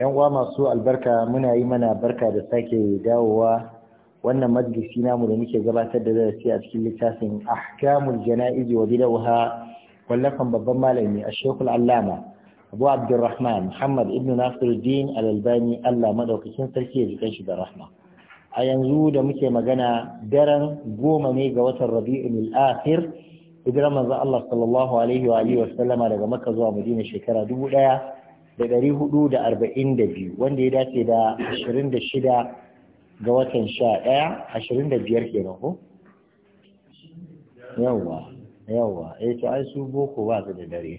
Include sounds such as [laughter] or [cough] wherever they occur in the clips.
'yan uwa masu albarka muna yi mana barka da sake dawowa wannan majalisi namu da muke gabatar da darasi a cikin littafin ahkamul jana'iz wa bidawha wallafan babban malami a shekul al-allama Abu Abdurrahman Muhammad ibn Nasiruddin al-Albani Allah madaukakin sarki ya jikan shi da rahma a yanzu da muke magana daren goma ne ga watan Rabi'ul Akhir hijirar manzon Allah sallallahu alaihi wa alihi wa sallama daga Makka zuwa Madina shekara ɗaya. da ɗari hudu da arba'in da biyu wanda ya dace da ashirin da shida ga watan sha ɗaya ashirin da biyar kenan ko yawwa yawwa ya eh to ta'ai su boko ba su da dare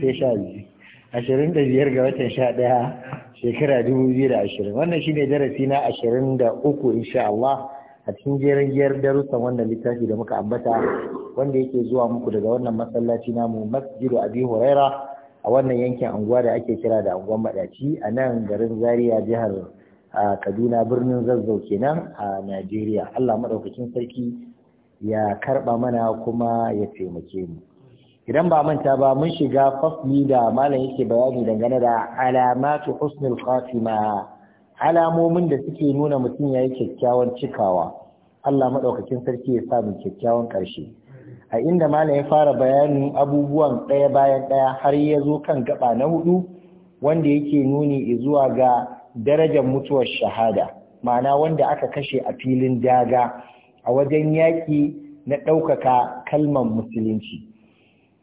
sai sha biyu ashirin da biyar ga watan sha ɗaya shekara dubu biyu da ashirin wannan shine darasi na ashirin da uku insha Allah a cikin jerin giyar darussan wannan littafi da muka ambata wanda yake zuwa muku daga wannan masallaci namu masjidu abi huraira a wannan yankin anguwa da ake kira da anguwan madaci a nan garin Zariya jihar kaduna birnin zazzau kenan a najeriya allah maɗaukakin sarki ya karɓa mana kuma ya taimake mu idan ba manta ba mun shiga fasli da malam yake bayani dangane da alamatu husnul khatima alamomin da suke nuna mutum ya yi kyakkyawan cikawa allah maɗaukakin sarki ya sa mu kyakkyawan ƙarshe a inda malam ya fara bayanin abubuwan ɗaya bayan ɗaya har ya zo kan gaba na hudu wanda yake nuni zuwa ga darajar mutuwar shahada ma'ana wanda aka kashe a filin daga a wajen yaƙi na ɗaukaka kalmar musulunci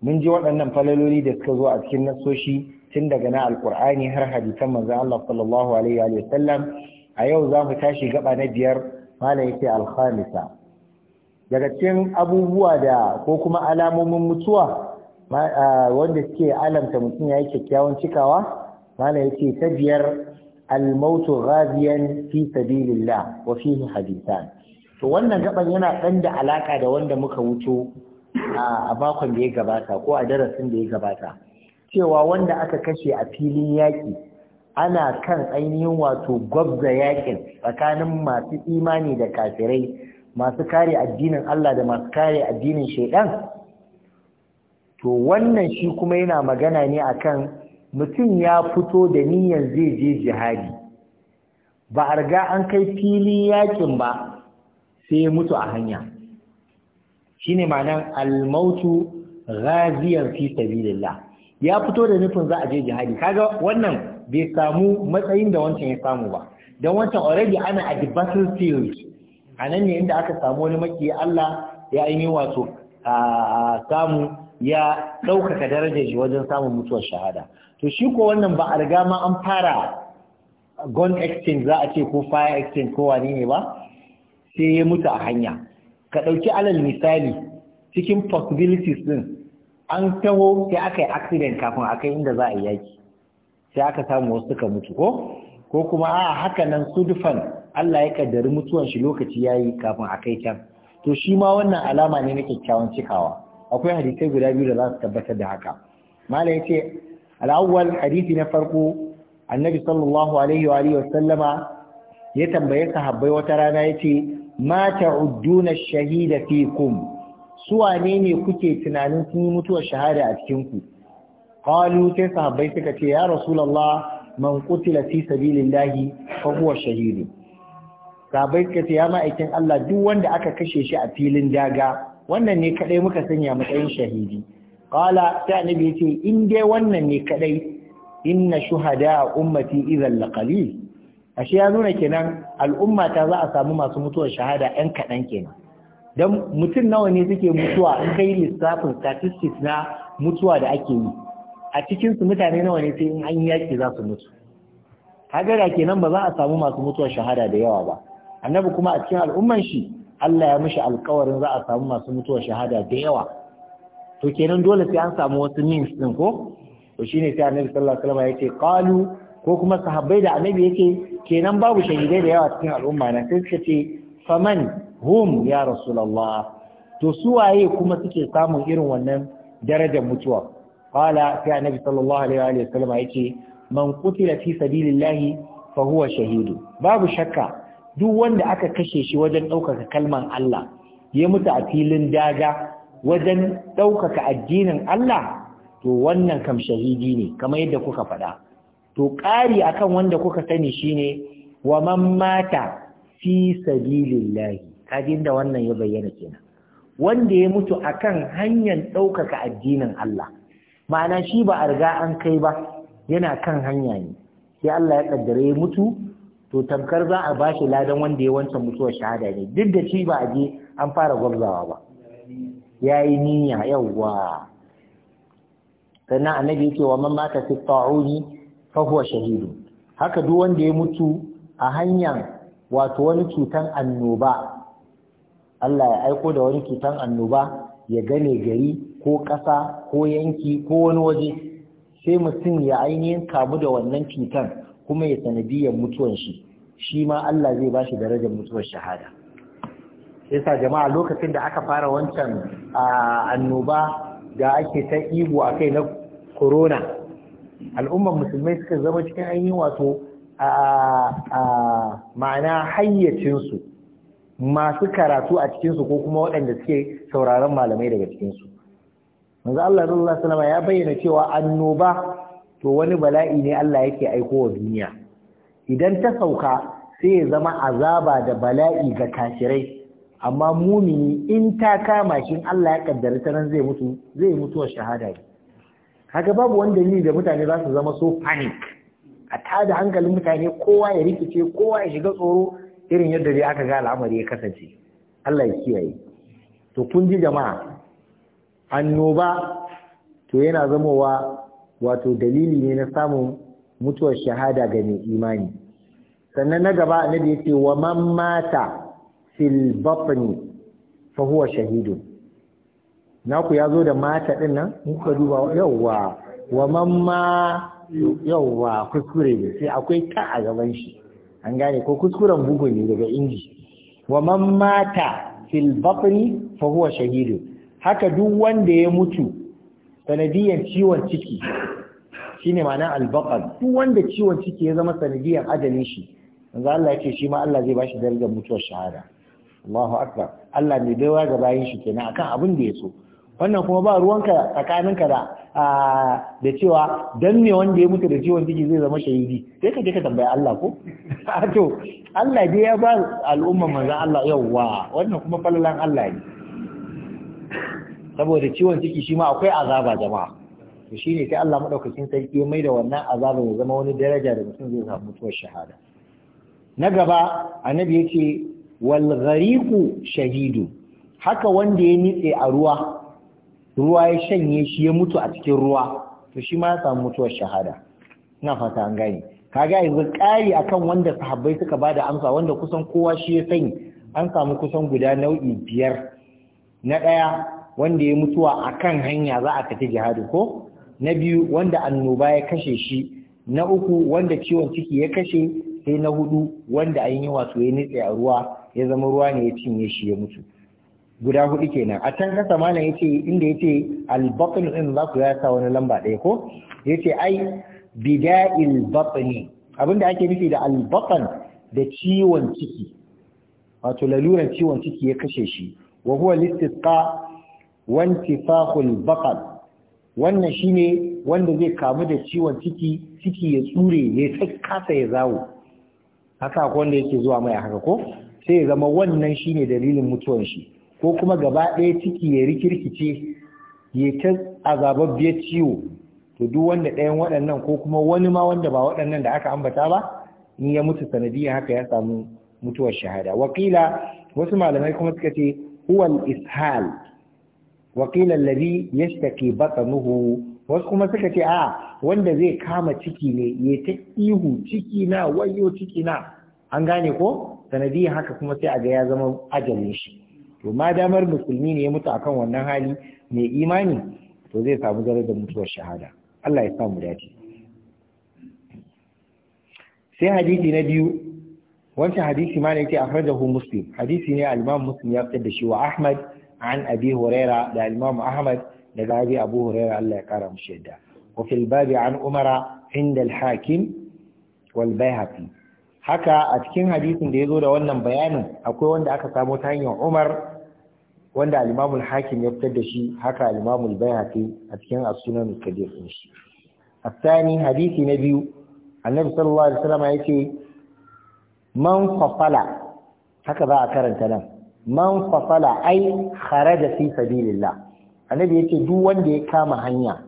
mun ji waɗannan falaloli da suka zo a cikin nasoshi tun daga na alkur'ani har hadisan manzon Allah sallallahu alaihi wa sallam a yau za mu tashi gaba na biyar malam yake alhamisa. daga cikin abubuwa da ko kuma alamomin mutuwa wanda suke alamta mutum ya yi kyakkyawan cikawa mana ya ce ta biyar almautu ghaziyan fi sabilillah wa fihi hadisan to wannan gaban yana ɗan da alaka da wanda muka wuto a makon da ya gabata ko a darasin da ya gabata cewa wanda aka kashe a filin yaƙi ana kan ainihin wato gwabza yaƙin tsakanin masu imani da kafirai masu kare addinin Allah da masu kare addinin shaidan to wannan shi kuma yana magana ne akan mutum ya fito da niyyar zai je jihadi ba a riga an kai fili yakin ba sai ya mutu a hanya shine ma'anar almautu ghaziyan fi sabilillah ya fito da nufin za a je jihadi kaga wannan bai samu matsayin da wancan ya samu ba don wancan already ana at the battlefield a nan ne inda aka samu wani makiyi Allah ya ainihin wato samu ya ɗaukaka darajar shi wajen samun mutuwar shahada to shi ko wannan ba a riga ma an fara gun exchange za a ce ko fire exchange ko wani ne ba sai ya mutu a hanya ka ɗauki alal misali cikin possibilities din an taho sai aka yi accident kafin a kai inda za a yi yaki sai aka samu wasu suka mutu ko ko kuma a haka nan sudufan Allah ya kaddari mutuwan shi lokaci yayi kafin a kai can to shi ma wannan alama ne na kyakkyawan cikawa akwai hadisai guda biyu da za su tabbatar da haka mala yace al-awwal hadisi na farko annabi sallallahu alaihi wa alihi sallama ya tambaye sahabbai wata rana yace ma ta'udduna ash-shahida fikum su wane ne kuke tunanin sun yi mutuwar shahada a cikin ku qalu sai sahabbai suka ce ya rasulullah man kutila fi sabilillahi fa huwa shahid sabai kace ya ma'aikin Allah duk wanda aka kashe shi a filin daga wannan ne kadai muka sanya matsayin shahidi qala ta nabi yace in dai wannan ne kadai inna shuhada ummati idhal qalil ashe ya nuna kenan al'umma ta za a samu masu mutuwar shahada yan kaɗan kenan dan mutum nawa ne suke mutuwa in kai lissafin statistics na mutuwa da ake yi a cikin su mutane nawa ne sai in an yaki za su mutu kaga da kenan ba za a samu masu mutuwar shahada da yawa ba annabi kuma a cikin al'umman shi Allah ya mishi alƙawarin za a samu masu mutuwar shahada da yawa to kenan dole sai an samu wasu means din ko to shine sai annabi sallallahu alaihi wasallam yake qalu ko kuma sahabbai da annabi yake kenan babu shahidai da yawa cikin al'umma na sai suka ce faman hum ya rasulullah to su waye kuma suke samun irin wannan darajar mutuwa qala sai annabi sallallahu alaihi wa sallam yake man qutila fi sabilillahi fa huwa shahidu babu shakka duk wanda aka kashe shi wajen ɗaukaka kalman Allah ya mutu a filin daga wajen ɗaukaka addinin Allah to wannan kam shahidi ne kamar yadda kuka faɗa to ƙari akan wanda kuka sani shine wa man mata fi sabilillahi kaji da wannan ya bayyana kenan wanda ya mutu akan hanyar ɗaukaka addinin Allah ma'ana shi ba a riga an kai ba yana kan hanya ne sai Allah ya kaddare ya mutu to tamkar za a ba shi ladan wanda ya wanta mutuwar shahada ne duk da shi ba a je an fara gwabzawa ba ya yi niyya yawwa sannan annabi yake wa man mata fi ta'uni fa huwa shahidu haka duk wanda ya mutu a hanyar wato wani cutan annoba Allah ya aiko da wani cutan annoba ya gane gari ko ƙasa ko yanki ko wani waje sai mutum ya ainihin kamu da wannan cutar kuma ya sanadiyar mutuwan shi shi ma Allah zai ba shi darajar mutuwar shahada yasa jama'a lokacin da aka fara wancan annoba da ake ta ihu a kai na Korona, al'ummar musulmai suka zama cikin ainihin wato a ma'ana hayyacinsu masu karatu a cikinsu ko kuma waɗanda suke sauraron malamai daga cikinsu manzo Allah sallallahu alaihi wasallam ya bayyana cewa annoba to wani bala'i ne Allah yake aiko wa duniya idan ta sauka sai ya zama azaba da bala'i ga kafirai amma mumini in ta kama shi Allah ya kaddara ta nan zai mutu zai mutu wa shahada ne kaga babu wani dalili da mutane za su zama so panic a tada hankalin mutane kowa ya rikice kowa ya shiga tsoro irin yadda dai aka ga al'amari ya kasance Allah ya kiyaye to kun ji jama'a annoba to yana zamowa wato dalili ne na samun mutuwar shahada ga mai imani sannan na gaba da yake wa man mata fil batni fa huwa na ku yazo da mata din nan in ku duba yawwa wa man ma yawwa kuskure ne sai akwai ta a gaban shi an gane ko kuskuren bugu ne daga inji wa man mata fil batni fa huwa shahidun haka duk wanda ya mutu sanadiyan ciwon ciki shine ma'ana albaqal duk wanda ciwon ciki ya zama sanadiyan ajalin shi manzo Allah yake shi ma Allah zai bashi darajar mutuwar shahada Allahu akbar Allah ne baiwa waga bayin shi kenan akan abin da ya so wannan kuma ba ruwanka tsakaninka da da cewa dan ne wanda ya mutu da ciwon ciki zai zama shahidi sai ka je ka tambaya Allah ko [laughs] to Allah dai ya ba al'umma manzo Allah yawwa wannan kuma falalan Allah ne saboda ciwon ciki shi ma akwai azaba jama'a to shine sai Allah madaukakin sarki ya maida wannan azaba ya zama wani daraja da mutum zai samu mutuwar shahada na gaba annabi yace wal ghariqu shahidu haka wanda ya nitse a ruwa ruwa ya shanye shi ya mutu a cikin ruwa to shi ma ya samu mutuwar shahada ina fata an gane kaga yanzu kari akan wanda sahabbai suka bada amsa wanda kusan kowa shi ya sani an samu kusan guda nau'i biyar na ɗaya wanda ya mutuwa a kan hanya za a tafi jihadi ko na biyu wanda annoba ya kashe shi na uku wanda ciwon ciki ya kashe sai na hudu wanda an yi wato ya nitse a ruwa ya zama ruwa ne ya cinye shi ya mutu guda hudu kenan a can kasa malam yace inda yace al-batn din za ku yasa wani lamba ɗaya ko yace ai bida'il batni abinda ake nufi da al da ciwon ciki wato laluran ciwon ciki ya kashe shi wa huwa listisqa wa wannan shine wanda zai kamu da ciwon ciki ciki ya tsure ya sai kasa ya zawo haka ko wanda yake zuwa mai haka ko sai ya zama wannan shine dalilin mutuwan shi ko kuma gaba ɗaya ciki ya rikirkice ya ta azababbiyar ciwo to duk wanda ɗayan waɗannan ko kuma wani ma wanda ba waɗannan da aka ambata ba in ya mutu sanadiyar haka ya samu mutuwar shahada wakila wasu malamai kuma suka ce Uwal al-ishal wa qila alladhi yashtaki batnuhu wasu kuma suka ce aa, wanda zai kama ciki ne ya ta ihu ciki na wayo ciki na an gane ko sanadiyar haka kuma sai a ga ya zama ajalin shi to ma damar musulmi ne ya mutu akan wannan hali mai imani to zai samu da mutuwar shahada Allah ya samu dace sai hadisi na biyu wancan hadisi ma ne yake akhrajahu muslim hadisi ne al-imam muslim ya fitar da shi wa ahmad an abi huraira da al-imam ahmad daga abi abu huraira Allah ya kara mushi yadda wa fil babi an umara inda al-hakim wal bayhaqi haka a cikin hadisin da yazo da wannan bayanin akwai wanda aka samo ta hanyar umar wanda al-imam al-hakim ya fitar da shi haka al-imam al-bayhaqi a cikin as-sunan al-kabir din shi الثاني حديث نبي النبي صلى الله عليه وسلم يقول man fasala haka za a karanta nan man fasala ai kharaja fi sabilillah annabi yace duk wanda ya kama hanya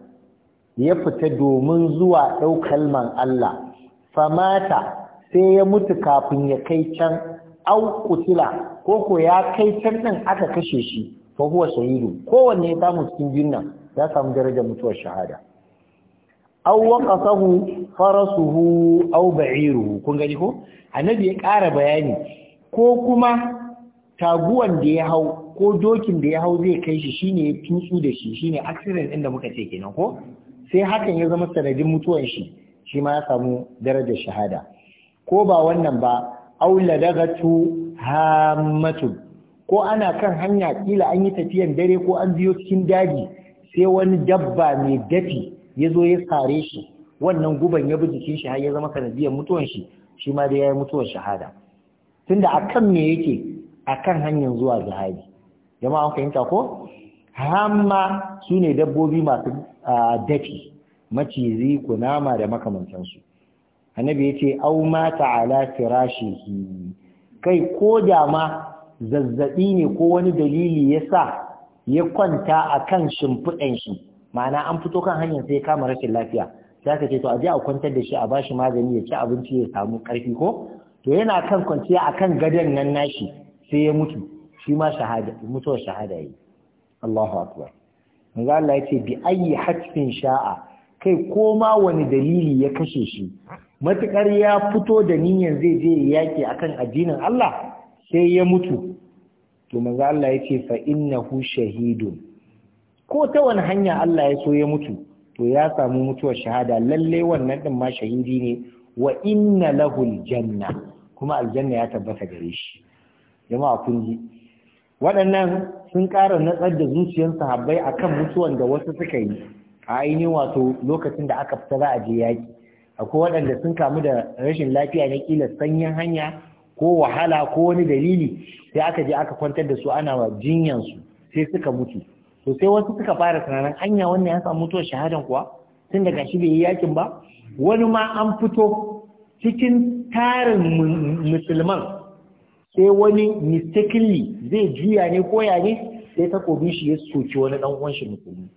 ya fita domin zuwa daukar man Allah famata sai ya mutu kafin ya kai can au kutila ko ko ya kai can din aka kashe shi fa huwa shahidu kowanne ya samu cikin jinnan ya samu darajar mutuwar shahada aw waqasahu farasuhu aw ba'iruhu kun gani ko annabi ya ƙara bayani ko kuma taguwan da ya hau ko dokin da ya hau zai kai shi shine ya tutsu da shi shine accident din da muka ce kenan ko sai hakan ya zama sanadin mutuwan shi shi ma ya samu darajar shahada ko ba wannan ba aula dagatu hammatu ko ana kan hanya kila an yi tafiyan dare ko an biyo cikin dadi? sai wani dabba mai dafi ya zo ya sare shi wannan guban ya bi jikin shi har ya zama sanadiyar mutuwan shi shi ma dai ya yi mutuwar shahada tunda akan me yake akan hanyar zuwa jihadi jama'a an fahimta ko hamma su ne dabbobi masu dafi macizi kunama da su annabi ya ce au mata ala firashihi kai ko da ma zazzabi ne ko wani dalili yasa ya kwanta akan kan shimfiɗan shi ma'ana an fito kan hanyar sai ya kama rashin lafiya Za ka ce to a a kwantar da shi a bashi magani ya ci abinci ya samu karfi ko to yana kan kwanciya a kan gadon nan nashi sai ya mutu shi ma shahada mutuwar shahada yi Allahu akbar manzo Allah yace bi ayi hatfin sha'a kai ko ma wani dalili ya kashe shi matukar ya fito da niyyar zai je yaki akan addinin Allah sai ya mutu to manzo Allah yace fa innahu shahidun ko ta wani hanya Allah ya so ya mutu to ya samu mutuwar shahada lalle wannan din ma shahidi ne wa inna lahul janna kuma aljanna ya tabbata gare shi jama'a kun ji waɗannan sun ƙara natsar da zuciyar sahabbai akan mutuwan da wasu suka yi a ainihin wato lokacin da aka fita za a je yaki. akwai waɗanda sun kamu da rashin lafiya na ƙila sanyin hanya ko wahala ko wani dalili sai aka je aka kwantar da su ana wa jinyansu sai suka mutu to sai wasu suka fara tunanin hanya wannan ya samu mutuwar shahadan kuwa tun daga shi bai yi yakin ba wani ma an fito cikin tarin musulman sai wani mistakenly zai juya ne ko ya ne sai takobin shi ya soke wani dan uwan shi musulmi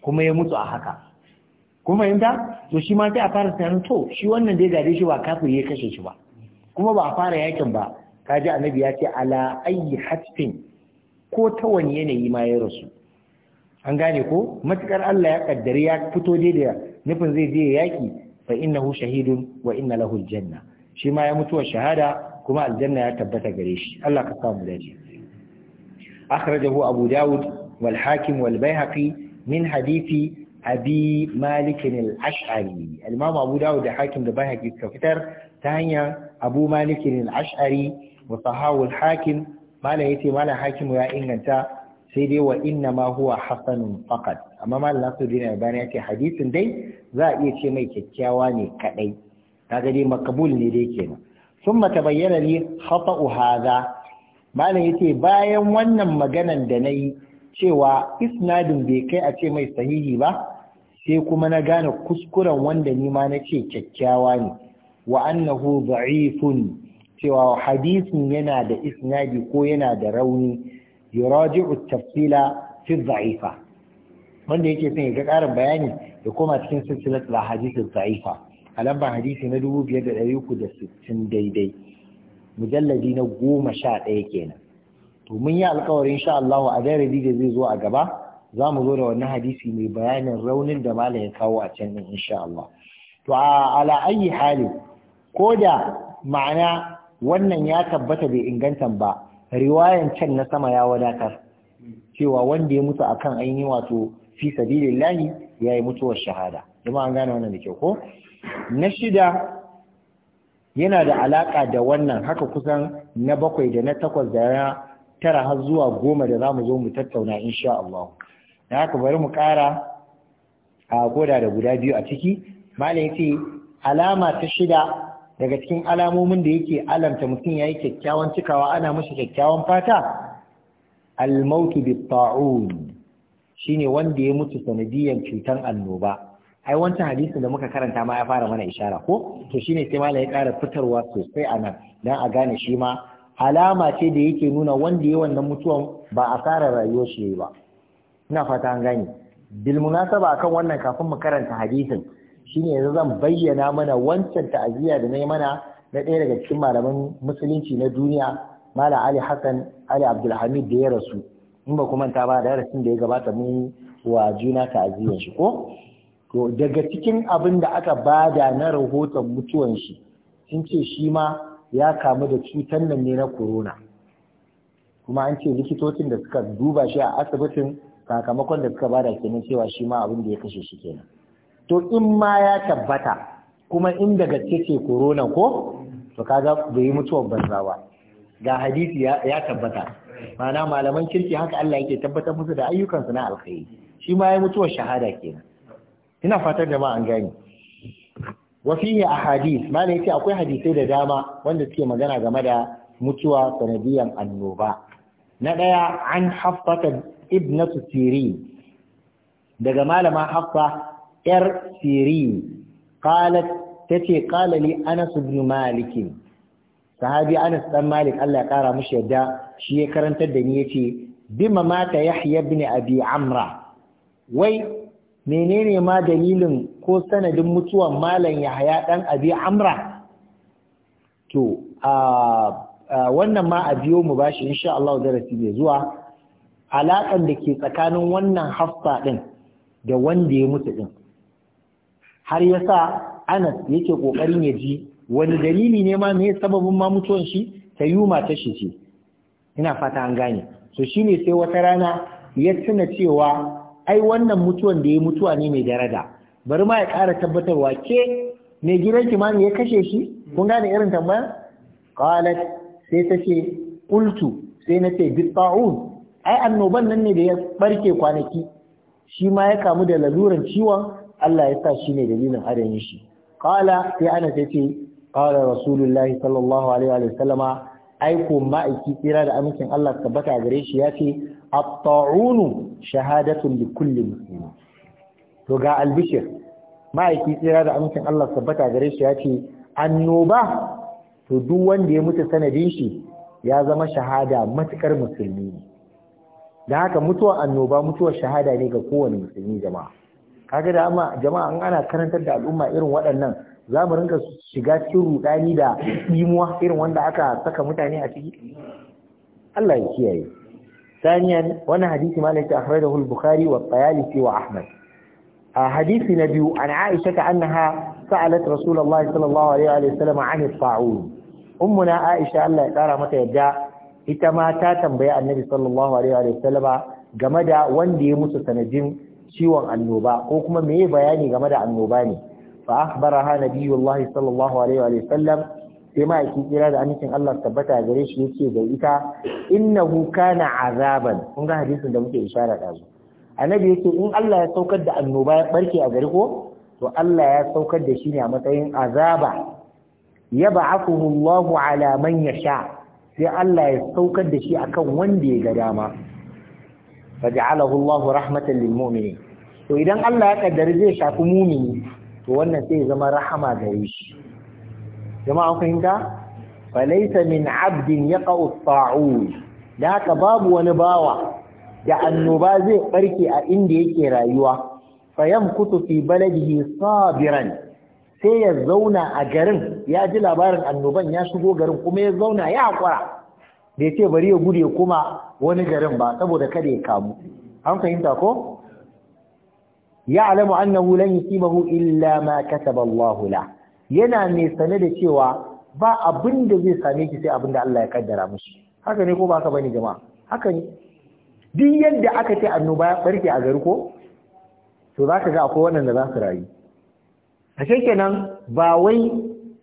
kuma ya mutu a haka kuma fahimta to shi ma sai a fara tunanin to shi wannan dai gare shi ba kafin ya kashe shi ba kuma ba a fara yakin ba kaji annabi ya ce ala ayi hatfin ko ta wani yanayi ma ya rasu an gane ko matukar Allah ya kaddari ya fito dai da nufin zai je yaki fa innahu shahidun wa inna lahu aljanna shi ma ya mutuwar shahada kuma aljanna ya tabbata gare shi Allah ka samu dace akhrajahu abu daud wal hakim wal baihaqi min hadithi abi malik al-ash'ari imam abu daud da hakim da Baihaki, suka fitar ta hanyar abu malik al-ash'ari wa sahahu al-hakim malam yace malam hakim ya inganta sai dai wa inna ma huwa hasanun faqat amma mal nasiruddin albani yake hadisin dai za a iya ce mai kyakkyawa ne kadai kaga dai makabul ne dai kenan thumma tabayyana li khata'u hadha malam yace bayan wannan maganan da nayi cewa isnadin bai kai a ce mai sahihi ba sai kuma na gane kuskuren wanda ni ma na ce kyakkyawa ne wa annahu da'ifun cewa hadisin yana da isnadi ko yana da rauni yuraji'u at-tafsila fi dha'ifa wanda yake son ya ga ƙarin bayani ya koma cikin silsilat al-ahadith dha'ifa a lambar hadisi na dubu biyar da 2360 daidai mujalladi na 11 kenan to mun yi alƙawarin insha Allah a darasi da zai zo a gaba za mu zo da wannan hadisi mai bayanin raunin da malam ya kawo a can din insha Allah to ala ayi hali ko da ma'ana wannan ya tabbata bai inganta ba riwayan can na sama ya wadatar cewa wanda ya mutu akan ainihin wato fi sabilillahi ya yi mutuwar shahada kuma an gane wannan da kyau ko na shida yana da alaka da wannan haka kusan na bakwai da na takwas da na tara har zuwa goma da zamu zo mu tattauna insha Allah da haka bari mu kara a koda da guda biyu a ciki malam ce alama ta shida daga cikin alamomin da yake alamta mutum ya yi kyakkyawan cikawa ana mashi kyakkyawan fata al-mautu bit shi ne wanda ya mutu sanadiyan cutan annoba ai wancan hadisin da muka karanta ma ya fara mana ishara ko to shine sai mala ya ƙara fitarwa sosai a nan. Don a gane shi ma alama ce da yake nuna wanda ya wannan mutuwan ba a fara rayuwar shi ba ina fata an gane bil munasaba akan wannan kafin mu karanta hadisin shine yanzu zan bayyana mana wancan ta'aziyya da na yi mana na ɗaya daga cikin malaman musulunci na duniya Malam Ali Hassan Ali Abdulhamid da ya rasu in ba kuma ta ba da da ya gabata mun wa juna ta'aziyyar shi ko to daga cikin abin da aka bada na rahoton mutuwan shi sun ce shi ma ya kamu da cutar nan ne na corona kuma an ce likitocin da suka duba shi a asibitin sakamakon da suka bada kenan cewa shi ma abin da ya kashe shi kenan to in ma ya tabbata kuma in daga ce korona ko to kaga bai yi mutuwar banza ba ga hadisi ya tabbata mana malaman kirki haka Allah yake tabbatar musu da ayyukansu na alkhairi shi ma ya mutuwar shahada kenan ina fatar da ma an gani wa fihi ahadith mana yace akwai hadisai da dama wanda suke magana game da mutuwa sanadiyan annoba na daya an haffata ibnatu sirin daga malama haffa yar siri qalat tace qala anas ibn Malikin, sahabi anas dan malik Allah ya kara mishi yadda shi ya karantar da ni yace bima mata yahya ibn abi amra wai menene ma dalilin ko sanadin mutuwan malam yahya dan abi amra to a wannan ma a biyo mu bashi insha Allah darasi mai zuwa alaƙan da ke tsakanin wannan hafsa ɗin da wanda ya mutu ɗin har ya sa Anas yake ƙoƙarin ya ji wani dalili ne ma mai sababin ma mutuwan shi ta yuma ta shi ce ina fata an gane so ne sai wata rana ya tuna cewa ai wannan mutuwan da ya mutuwa ne mai daraja bari ma ya ƙara tabbatarwa ke mai gidan kimani ya kashe shi kun gane irin tambaya qalat sai ta ce qultu sai na ce bitta'un ai annoban nan ne da ya barke kwanaki shi ma ya kamu da laluran ciwon Allah ya sa shi ne dalilin adayin shi qala sai ana sai ce qala rasulullahi sallallahu alaihi wa sallama aiko ma'aiki tsira da amincin Allah tabbata gare shi ya ce at-ta'unu shahadatun li kulli muslim to ga albishir ma'aiki tsira da amincin Allah tabbata gare shi ya ce annoba to duk wanda ya mutu sanadin shi ya zama shahada matuƙar musulmi ne da haka mutuwar annoba mutuwar shahada ne ga kowane musulmi jama'a kaga da amma jama'a in ana karantar da al'umma irin waɗannan za mu rinka shiga cikin rudani da imuwa irin wanda aka saka mutane a ciki Allah ya kiyaye ثانيا وانا حديث مالك اخرجه البخاري والطيالسي واحمد حديث نبي عن عائشة انها سألت رسول الله صلى الله عليه وسلم عن الطاعون امنا عائشة الله يقرا متى يدعى ita ma ta tambayi annabi sallallahu alaihi wa sallama game da wanda ya musu sanadin ciwon annoba ko kuma meye bayani game da annoba ne fa akhbaraha nabiyullah sallallahu alaihi wa sallam sai ma yake kira da amincin Allah tabbata gare shi yace da ita innahu kana azaban kun ga hadisin da muke isharar da su annabi yake in Allah ya saukar da annoba ya barke a gari ko to Allah ya saukar da shi ne a matsayin azaba yab'athuhu Allah ala man yasha sai Allah ya saukar da shi akan wanda ya ga dama faj'alahu Allah rahmatan lil mu'minin to idan Allah ya kaddari zai shafi mumini to wannan sai ya zama rahama gare shi jama'a fahimta laysa min abdin yaqa'u ta'ud da haka babu wani bawa da annoba zai barke a inda yake rayuwa yamkutu fi baladihi sabiran sai ya zauna a garin ya ji labarin annoban ya shigo garin kuma ya zauna ya hakura bai ce bari ya gude kuma wani garin ba saboda kada ya kamu an fahimta ko ya'lamu annahu lan yusibahu illa ma kataba Allah la yana mai sane da cewa ba abin da zai same ki sai abin da Allah ya kaddara mishi haka ne ko ba ka bane jama'a haka ne duk yadda aka ce annoba ya barke a gari ko to ka ga akwai wannan da za su rayu ashe kenan ba wai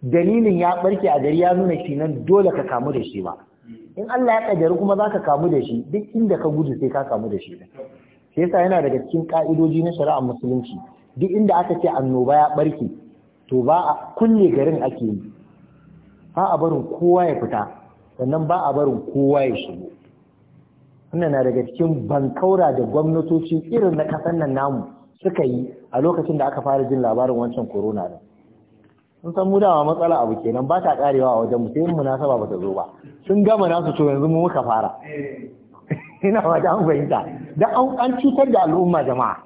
dalilin ya barke a gari ya nuna shi dole ka kamu da shi ba in Allah ya kaddara kuma za ka kamu da shi duk inda ka gudu sai ka kamu da shi sai yasa yana daga cikin ka'idoji na shari'ar musulunci duk inda aka ce annoba ya barke to ba a kulle garin ake yi ba a barin kowa ya fita sannan ba a barin kowa ya shigo wannan na daga cikin bankaura da gwamnatoci irin na kasan nan namu suka yi a lokacin da aka fara jin labarin wancan corona din sun san mu dama matsala abu kenan ba ta karewa a wajen mu sai munasaba ba ta zo ba sun gama nasu to yanzu mu muka fara [laughs] ina da an fahimta da an cutar da al'umma jama'a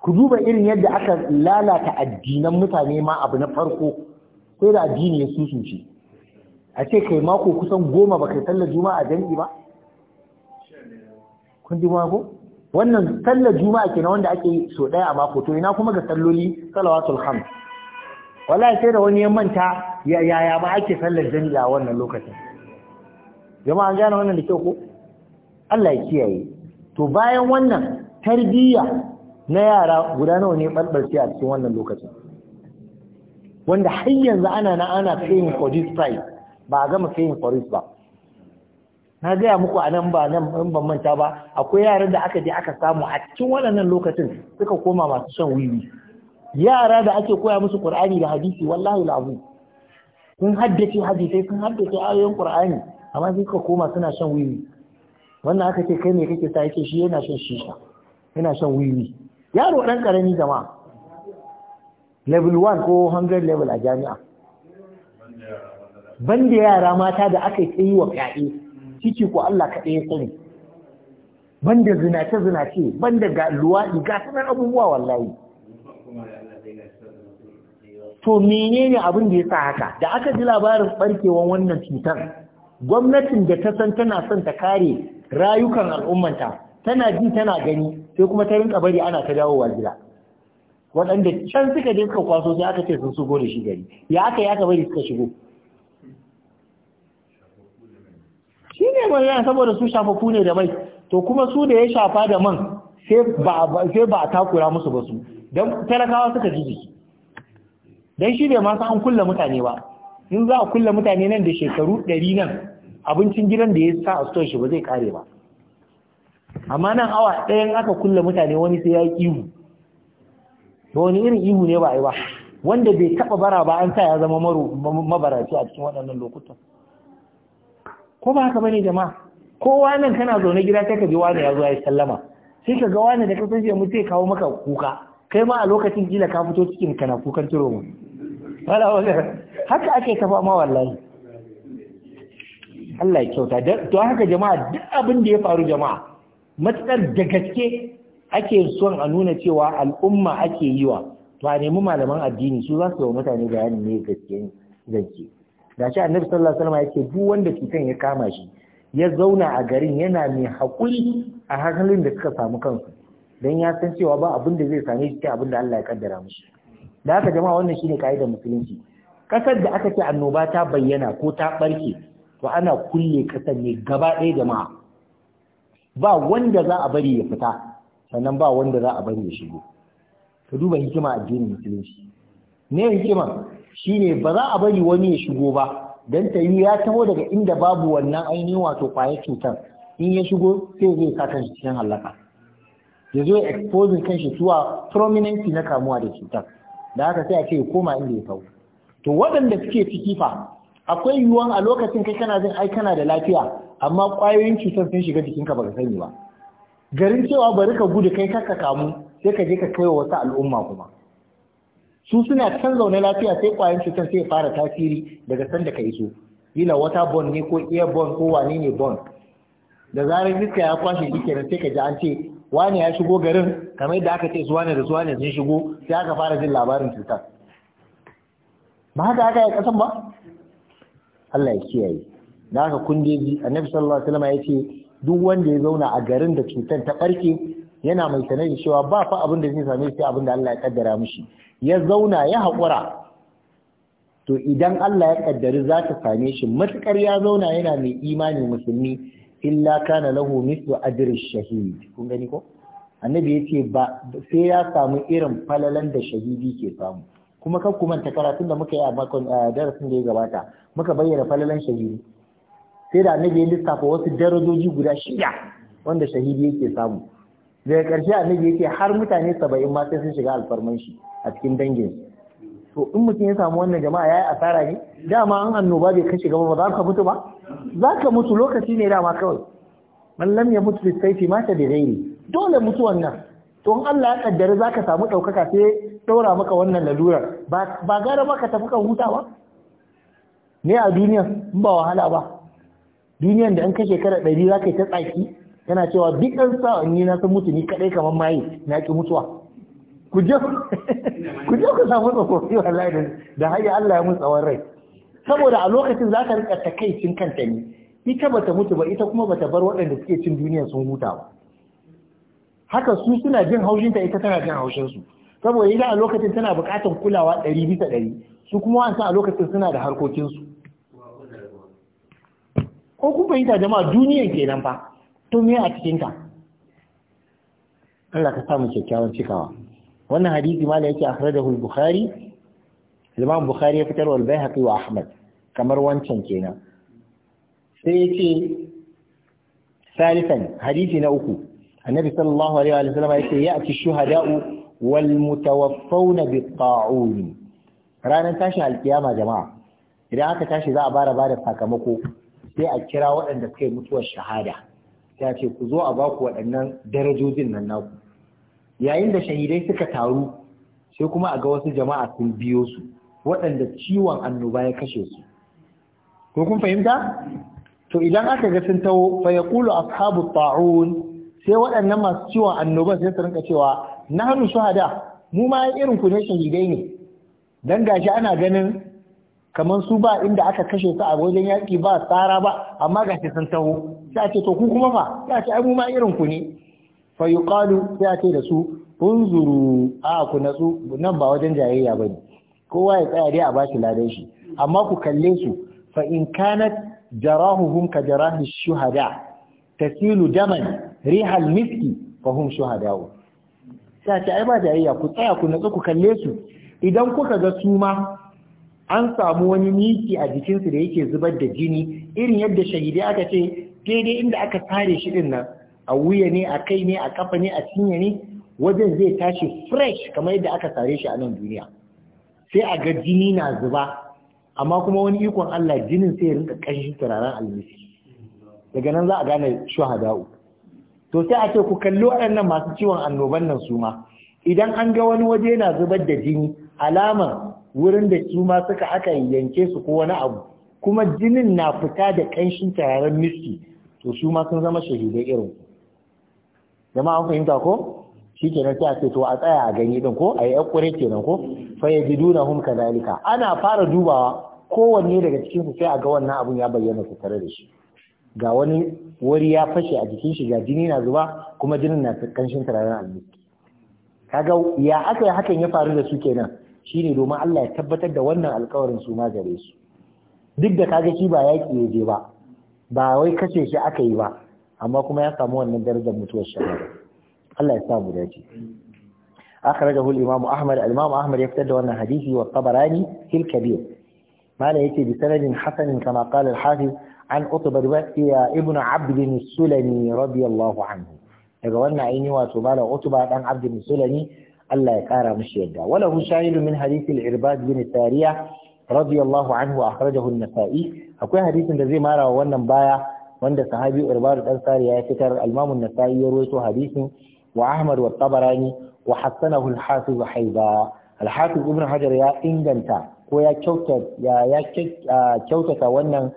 ku duba irin yadda aka lalata addinan mutane ma abu na farko sai da addini ya susunce a ce kai mako kusan goma ba kai sallar juma'a jam'i ba kun ji mako wannan sallar juma'a kenan wanda ake so ɗaya a mako to ina kuma ga salloli salawatul khams wallahi sai da wani ya manta ya yaya ma ake sallar jami'a wannan lokacin jama'a gane wannan da kyau ko Allah ya kiyaye to bayan wannan tarbiyya na yara guda nawa ne balbalce a cikin wannan lokacin wanda har yanzu ana na ana paying for this price ba a gama paying for this ba na gaya muku a nan ba nan in ban manta ba akwai yaran da aka je aka samu a cikin waɗannan lokacin suka koma masu shan wiwi yara da ake koya musu qur'ani da hadisi wallahi lazu sun haddace hadisai sun haddace ayoyin qur'ani amma sai suka koma suna shan wiwi wannan aka ce kai ne kake sa yake shi yana shan shisha yana shan wiwi yaro dan karami jama'a level 1 ko 100 level a jami'a banda yara mata da aka yi wa fyaɗe ciki ko Allah kaɗai ya sani banda zinace zinace banda ga luwaɗi ga sanar abubuwa wallahi to menene abin da ya sa haka da aka ji labarin barkewan wannan cutar gwamnatin da ta san tana son ta kare rayukan al'ummanta tana ji tana gani sai kuma ta rinka bari ana ta dawowa gida waɗanda can suka je suka kwaso sai aka ce sun shigo da shi gari ya aka yi aka bari suka shigo shi ne bayan saboda su shafa ne da mai to kuma su da ya shafa da man sai ba a takura musu ba su don talakawa suka ji jiki don shi bai masu an kulle mutane ba in za a kulle mutane nan da shekaru ɗari nan abincin gidan da ya sa a stoshi ba zai kare ba amma nan awa ɗayan aka kulle mutane wani sai ya yi ihu Ba wani irin ihu ne ba a yi ba wanda bai taba bara ba an sa ya zama mabarafi a cikin waɗannan lokutan ko ba haka bane jama'a kowa nan kana zaune gida sai ka ji wani ya zo ya sallama sai ka ga wani da ka san mu sai kawo maka kuka kai ma a lokacin kila ka fito cikin kana kukan turo mu wala haka ake kafa ma wallahi Allah ya kyauta don haka jama'a duk abin da ya faru jama'a matsar da gaske ake son a nuna cewa al'umma ake yi wa to a nemi malaman addini su za su yi mutane bayanin ne gaske zance da shi annabi sallallahu alaihi wasallam yake duk wanda cutan ya kama shi ya zauna a garin yana mai haƙuri a halin da suka samu kansu dan ya san cewa ba abin da zai same shi ta abin da Allah ya kaddara mishi da haka jama'a wannan shine kaidar musulunci kasar da aka ce annoba ta bayyana ko ta barke to ana kulle kasan ne gaba ɗaya jama'a ba wanda za a bari ya fita sannan ba wanda za a bari ya shigo ka duba hikima a jini musulunci ne hikima shine ba za a bari wani ya shigo ba don ta yi ya taho daga inda babu wannan ainihin wato kwaya cutar in ya shigo sai zai sa kanshi cikin halaka ya zo ya kan kanshi zuwa prominenti na kamuwa da cutar da haka sai a ce ya koma inda ya kawo to waɗanda suke ciki fa akwai yiwuwan a lokacin kai kana jin ai kana da lafiya amma ƙwayoyin cutar sun shiga jikinka ba ka sani ba garin cewa bari ka gudu kai ka kamu sai ka je ka kai wa wasu al'umma kuma su suna can zaune lafiya sai ƙwayoyin cutar sai fara tasiri daga sanda ka iso kila wata bon ne ko bon ko wane ne bon da zarar iska ya kwashe shi sai ka ji an ce wane ya shigo garin kamar yadda aka ce ne da suwane sun shigo sai aka fara jin labarin cutar ba haka haka ya kasan ba Allah ya kiyaye da haka kun je ji annabi sallallahu alaihi wasallam ya ce duk wanda ya zauna a garin da cutar ta barke yana mai sanar cewa ba fa abin da zai same shi abin da Allah ya kaddara mishi ya zauna ya haƙura to idan Allah ya kaddari za ta same shi matukar ya zauna yana mai imani musulmi illa kana lahu mithlu ajri shahid kun gani ko annabi yace ba sai ya samu irin falalan da shahidi ke samu kuma kan kuma ta karatun da muka yi a makon darasin da ya gabata muka bayyana falalan shahidi sai da annabi ya lissafa wasu darajoji guda shida wanda shahidi yake samu daga ƙarshe annabi yake har mutane saba'in ma sai sun shiga alfarman shi a cikin dangin to in mutum ya samu wannan jama'a yayi asara ne dama an annoba bai kashe gaba ba za ka mutu ba za ka mutu lokaci ne dama kawai man lam mutu bi sayfi mata bi ghairi dole mutuwan nan to in Allah ya kaddara ka samu ɗaukaka sai ɗaura maka wannan lalurar ba gara maka tafi kan huta ba? ne a duniya in ba wahala ba duniyan da an kashe ɗari za ka yi ta tsaki yana cewa duk ɗan sa'anni na san mutu ni kaɗai kamar maye na ƙi mutuwa ku je ku samu tsofaffi wallahi da hayya Allah ya mun tsawon rai saboda a lokacin za ka rika takaicin kanta ne ita bata mutu ba ita kuma bata bar waɗanda suke cin duniya sun huta ba haka su suna jin haushinta ita tana jin haushin su saboda ita a lokacin tana bukatar kulawa ɗari bisa ɗari su kuma wancan a lokacin suna da harkokinsu ko kun fahimta jama'a duniyan kenan fa to me a cikinta Allah ka samu kyakkyawan cikawa wannan hadisi ma da yake a da bukhari al-imam bukhari ya fitar wal bai wa ahmad kamar wancan kenan sai ya yace salifan hadisi na uku annabi sallallahu alaihi wa sallam yace ya'ti shuhada'u wal mutawaffawna bi ta'un ranar tashi alkiyama jama'a idan aka tashi za a bara bada sakamako sai a kira waɗanda suka yi mutuwar shahada ta ce ku zo a baku waɗannan darajojin nan naku yayin da shahidai suka taru sai kuma a ga wasu jama'a sun biyo su waɗanda ciwon annoba ya kashe su ko kun fahimta to idan aka ga sun taho fa yaqulu ashabu ta'un sai waɗannan masu ciwon annoban sai su rinka cewa na hannu shahada mu ma irin ku ne shahidai ne dan gashi ana ganin kamar su ba inda aka kashe su a wajen yaƙi ba tsara ba amma gashi sun taho sai a ce to ku kuma fa sai a ce ai mu ma irin ku ne fa yuqalu sai a ce da su unzuru a ku natsu nan ba wajen jayayya ba ne. kowa ya tsaya dai a bashi ladan shi amma ku kalle su fa in kanat jarahuhum ka jarahi shuhada tasilu daman rihal miski fa hum shuhada'u sai ta ai ba jayayya ku tsaya ku natsu ku kalle su idan kuka ga su ma an samu wani miki a jikinsu da yake zubar da jini irin yadda shahidai aka ce daidai inda aka tare shi din nan a wuya ne a kai ne a kafa ne a cinye ne wajen zai tashi fresh kamar yadda aka tare shi a nan duniya sai a ga jini na zuba amma kuma wani ikon Allah jinin sai ya rinka kashi turaren almisi daga nan za a gane shuhada'u to sai a ce ku kalli waɗannan masu ciwon annoban nan su ma idan an ga wani waje yana zubar da jini alamar wurin da su ma suka aka yanke su ko wani abu kuma jinin na fita da ƙanshin tararen miski to su ma sun zama shahidai irin ku jama'a an fahimta ko shikenan sai a ce to a tsaya a ganye din ko a yi ƙure kenan ko fa yajidunahum kadhalika ana fara dubawa kowanne daga cikin su sai a ga wannan abun ya bayyana su tare da shi ga wani wuri ya fashe a jikin shi ga jini na zuba kuma jinin na kanshin turaren almiski kaga ya aka yi hakan ya faru da su kenan shine domin Allah ya tabbatar da wannan alkawarin su ma gare su duk da kaga shi ba yaƙi ya je ba ba wai kashe shi aka yi ba amma kuma ya samu wannan darajar mutuwar shahada Allah ya sa mu dace akhrajahu al-imam Ahmad al-imam Ahmad ya fitar da wannan hadisi wa Tabarani fil Kabir mala yace bi sanadin Hassanin kama hafiz an utba ya ibn abd sulami radiyallahu anhu daga wannan aini wato bala utba dan abd sulami Allah ya kara mishi yadda walahu shahidun min hadith al-irbad bin tariya radiyallahu anhu akhrajahu an-nasa'i akwai hadisin da zai mara wannan baya wanda sahabi irbad dan tariya ya fitar al-imam an-nasa'i ya rawaito hadisin wa ahmad wa tabarani wa hasanahu al-hafiz haiba al-hafiz ibn hajar ya inganta ko ya kyautata wannan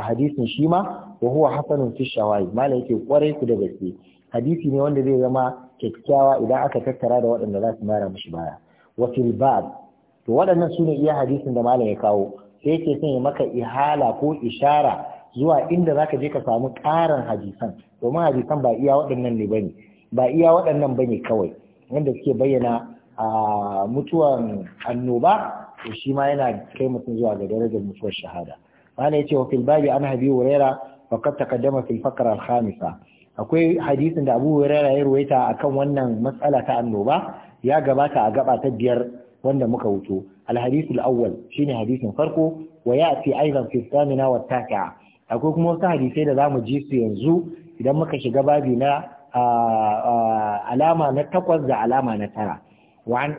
hadisin shi ma wa huwa hasanun fi shawahi malam yake kwarai ku da gaske hadisi ne wanda zai zama kyakkyawa idan aka tattara da waɗanda za su mara mishi baya wa fil bab to waɗannan sune iya hadisin da malam ya kawo sai yake son ya maka ihala ko ishara zuwa inda zaka je ka samu ƙarin hadisan domin hadisan ba iya waɗannan ne bane ba iya waɗannan bane kawai wanda suke bayyana a mutuwan annoba to shi ma yana kai mutum zuwa ga darajar mutuwar shahada wani yace wa fil babi an abi huraira faqad taqaddama fil fakra al khamisa akwai hadisin da abu huraira ya ruwaita akan wannan matsala ta annoba ya gabata a gaba ta biyar wanda muka wuto al hadith al awwal shine hadisin farko wa ya'ti aidan fi thamina wa tasi'a akwai kuma wasu hadisai da zamu ji su yanzu idan muka shiga babi na alama na takwas da alama na tara wa an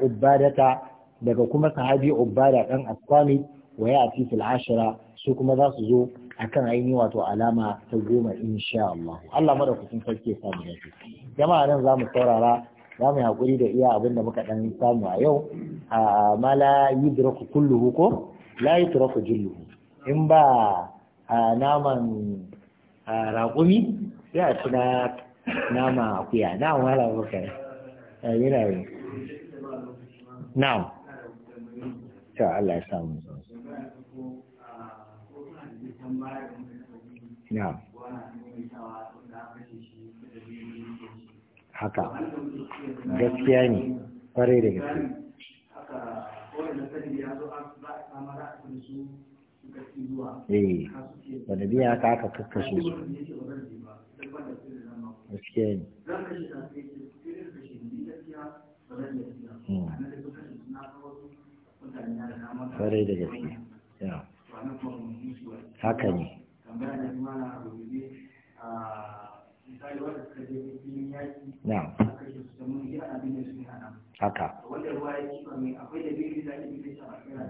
daga kuma sahabi ubada dan asqami wa ya'ti fil ashira su kuma za su zo a kan ainihin wato alama ta goma insha Allah Allah kusan sarki ya samu dace jama'a nan za mu saurara za mu haƙuri da iya abin da muka ɗan samu a yau a ma la duraku kulluhu ko la yudraku julluhu in ba naman raƙumi sai a ci na nama akuya na wala baka eh, yana yi na'am ta Allah ya samu haka gaskiya ne kwarai da gaske eh wanda biya haka aka kakkashe su gaskiya ne kwarai da gaske haka ne haka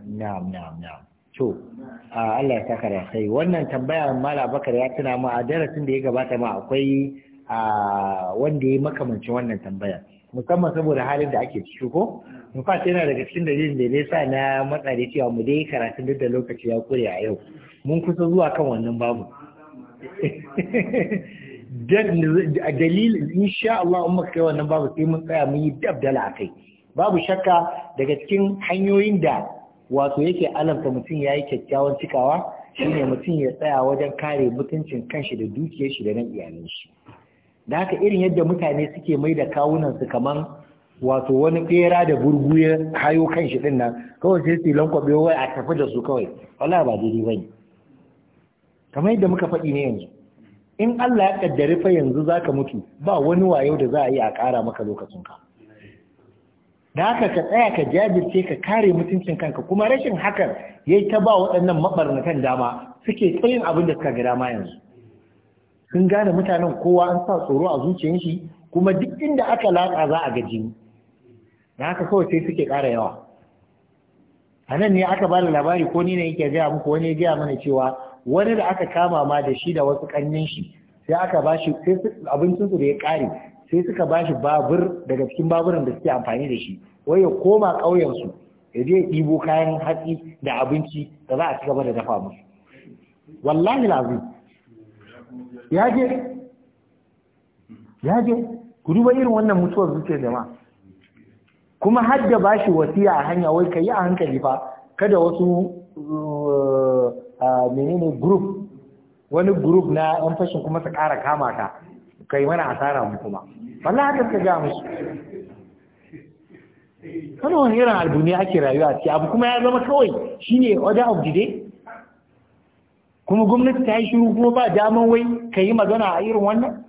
na na na to Allah ya saka da sai wannan tambaya mala bakar ya tuna mu a darasin da ya gabata ma akwai wanda ya makamancin wannan tambaya musamman saboda halin da ake ciki ko in fact yana daga cikin dalilin da ya sa na matsa da cewa mu dai karatun duk da lokaci ya kure a yau mun kusa zuwa kan wannan babu A dalilin insha Allah in kai wannan babu sai mun tsaya mun yi dabdala a kai. babu shakka daga cikin hanyoyin da wato yake alamta mutum ya yi kyakkyawan cikawa shine mutum ya tsaya wajen kare mutuncin kanshi da dukiyar shi da nan iyalin shi da haka irin yadda mutane suke mai da kawunan su kaman wato wani bera da burgu ya hayo kanshi din kawai sai su lankwabe wai a tafi da su kawai wallahi ba daidai bane kamar yadda muka faɗi ne yanzu in Allah ya kaddare fa yanzu zaka mutu ba wani wayo da za a yi a ƙara maka lokacin ka da haka ka tsaya ka jajirce ka kare mutuncin kanka kuma rashin hakan yayi ta ba waɗannan mabarnatan dama suke tsayin abin da suka ga dama yanzu sun gane mutanen kowa an sa tsoro a zuciyar shi kuma duk inda aka latsa za a gaji. jini da haka kawai sai suke ƙara yawa a nan ne aka ba da labari ko ni ne yake gaya muku wani ya gaya mana cewa wani da aka kama ma da shi da wasu kannin shi sai aka sai abincin su da ya kare sai suka bashi babur daga cikin baburin da suke amfani da shi wai ya koma ƙauyen su ya je ɗibo kayan hatsi da abinci da za a ci gaba da dafa musu wallahi lazim ya je ya je ku duba irin wannan mutuwar zuciyar jama'a kuma har da shi wasiya a hanya wai ka yi a hankali fa kada wasu menene group wani group na yan fashin kuma su ƙara kama ka kai mana asara mu kuma wallahi haka suka ga musu kana wani irin albu ake rayuwa ce abu kuma ya zama kawai shine order of the day kuma gwamnati ta yi shiru kuma ba daman wai ka yi magana a irin wannan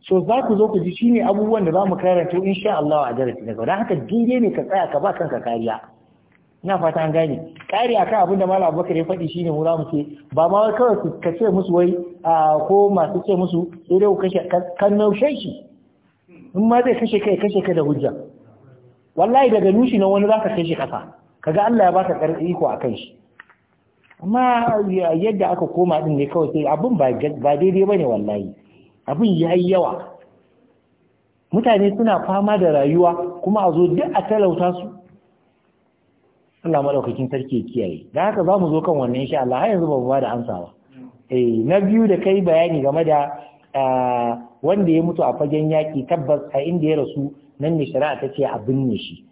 so za ku zo ku ji shine abubuwan da za mu karanta insha Allah a darasi na gaba don haka dinge ne ka tsaya ka ba kanka kariya ina fata an gane ƙari akan abin da malam abubakar ya faɗi shine mu za mu ce ba ma kawai ka ce musu wai ko masu ce musu sai dai ku kashe kan naushe shi in ma zai kashe kai kashe ka da hujja wallahi daga nushi na wani za ka kashe kasa kaga Allah ya baka karfi iko akan shi amma yadda aka koma din ne kawai sai abin ba daidai bane wallahi abin yayi yawa mutane suna fama da rayuwa kuma a zo duk a talauta su Allah madaukakin sarki ya kiyaye da haka zamu zo kan wannan insha Allah har yanzu ba mu ba da amsa ba eh na biyu da kai bayani game da eh, wanda ya mutu a fagen yaki tabbas a inda ya rasu nan ne shari'a ta ce a binne shi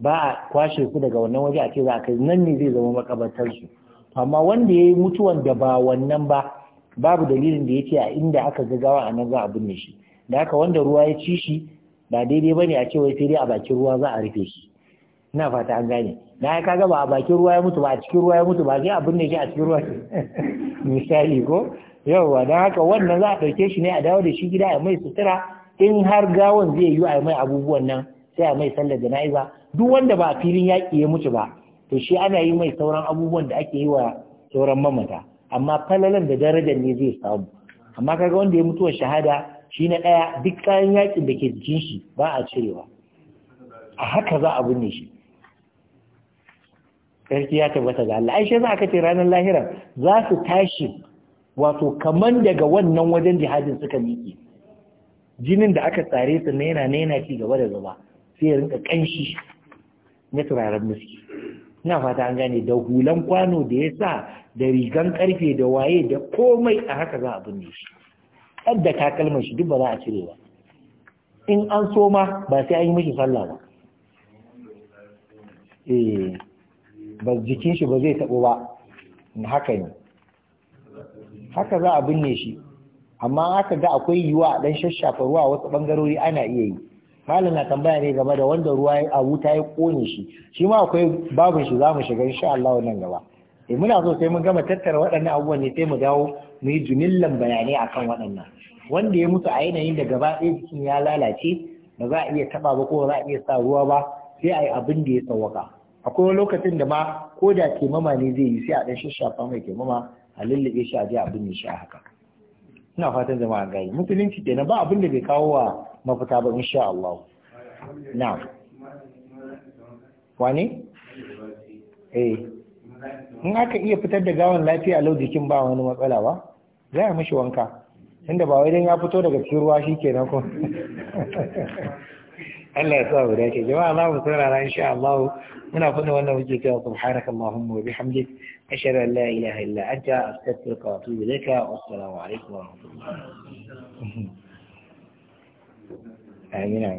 ba a kwashe su daga wannan waje a ce za a kai nan ne zai zama makabartar su amma wanda ya yi mutuwan da ba wannan ba babu dalilin da ya ce a inda aka ga gawa a nan za a binne shi da haka wanda ruwa ya ci shi ba daidai ba ne a wai sai dai a bakin ruwa za a rufe shi ina fata an gane na ya kaga ba a bakin ruwa ya mutu ba a cikin ruwa ya mutu ba sai abin da ke a cikin ruwa [laughs] misali ko yawwa don haka wannan za a ɗauke shi ne a dawo da shi gida a mai sutura in har gawon zai yiwu a mai abubuwan nan sai a mai sallar jana'iza duk wanda ba a filin yaƙi ya mutu ba to shi ana yi mai sauran abubuwan da ake yi wa sauran mamata amma falalan da darajar ne zai samu amma kaga wanda ya mutuwa shahada shi na ɗaya duk kayan yaƙin da ke jikin shi ba a cirewa a haka za a binne shi sarki ya tabbata ga Allah ai za aka ce ranar lahira za su tashi wato kaman daga wannan wajen jihadin suka miƙe jinin da aka tsare su na yana naina ci gaba da gaba, sai ya rinka kanshi na turaren miski ina fata an gane da hulan kwano da ya sa da rigan karfe da waye da komai a haka za a binne shi da takalmar shi duk ba za a cire ba in an so ma ba sai an yi mishi sallah ba eh ba jikin shi ba zai taɓo ba haka ne haka za a binne shi amma haka ga akwai yiwuwa a ɗan shashafa ruwa wasu ɓangarori ana iya yi malam na tambaya ne game da wanda ruwa a wuta ya ƙone shi shi ma akwai babu shi za mu shiga insha Allah nan gaba eh muna so sai mun gama tattara waɗannan abubuwan ne sai mu dawo mu yi jumillan bayanai akan waɗannan wanda ya mutu a yanayin da gaba ɗaya jikin ya lalace ba za a iya taɓa ba ko ba za a iya sa ruwa ba sai a yi abin da ya sawwaka akwai lokacin da ma ko da kemama ne zai yi sai a ɗan shashafa mai kemama a lullube shi a je abin ya sha haka ina fatan zama a gari musulunci kenan ba abin da bai kawo wa mafita ba insha Allah na wani eh in aka iya fitar da gawan lafiya a jikin ba wani matsala ba za a mishi wanka inda ba wai dan ya fito daga cikin ruwa shikenan ko [laughs] Allah ya sa mu dace jama'a za mu saurara insha Allah muna kunna wannan muke cewa subhanaka allahumma wa bihamdik ashhadu an la ilaha illa anta astaghfiruka wa atubu ilayka wa assalamu alaikum wa rahmatullah amin